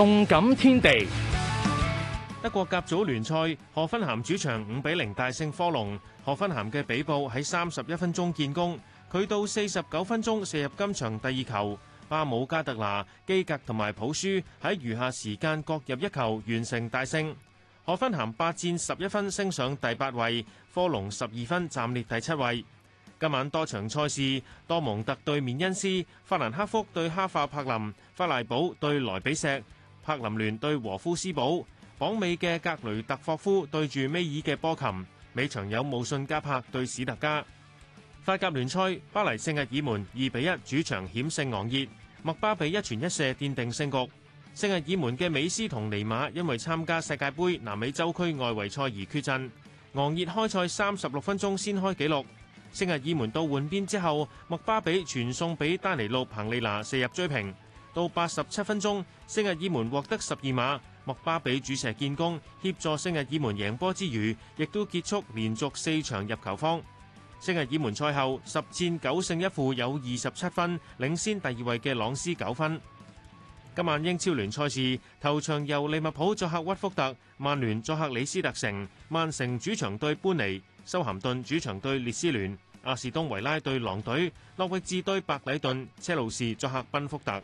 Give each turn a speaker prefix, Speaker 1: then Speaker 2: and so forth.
Speaker 1: 動感天地，德國甲組聯賽，賀芬咸主場五比零大勝科隆。賀芬咸嘅比布喺三十一分鐘建功，佢到四十九分鐘射入今場第二球。巴姆加特拿、基格同埋普舒喺餘下時間各入一球，完成大勝。賀芬咸八戰十一分，升上第八位；科隆十二分，暫列第七位。今晚多場賽事：多蒙特對緬恩斯、法蘭克福對哈化柏林、弗賴堡對萊比錫。柏林聯對禾夫斯堡，榜尾嘅格雷特霍夫對住尾二嘅波琴。尾場有慕遜加柏對史特加。法甲聯賽，巴黎聖日耳門二比一主場險勝昂熱。麥巴比一傳一射奠定勝局。聖日耳門嘅美斯同尼馬因為參加世界杯南美洲區外圍賽而缺陣。昂熱開賽三十六分鐘先開紀錄。聖日耳門到換邊之後，麥巴比傳送俾丹尼路彭利拿射入追平。到八十七分鐘，聖日耳門獲得十二碼，莫巴比主射建功，協助聖日耳門贏波之餘，亦都結束連續四場入球荒。聖日耳門賽後十戰九勝一負，有二十七分，領先第二位嘅朗斯九分。今晚英超聯賽事，頭場由利物浦作客屈福特，曼聯作客李斯特城，曼城主場對班尼，修咸頓主場對列斯聯。阿士東維拉對狼隊，諾域治對白禮頓，車路士作客賓福特。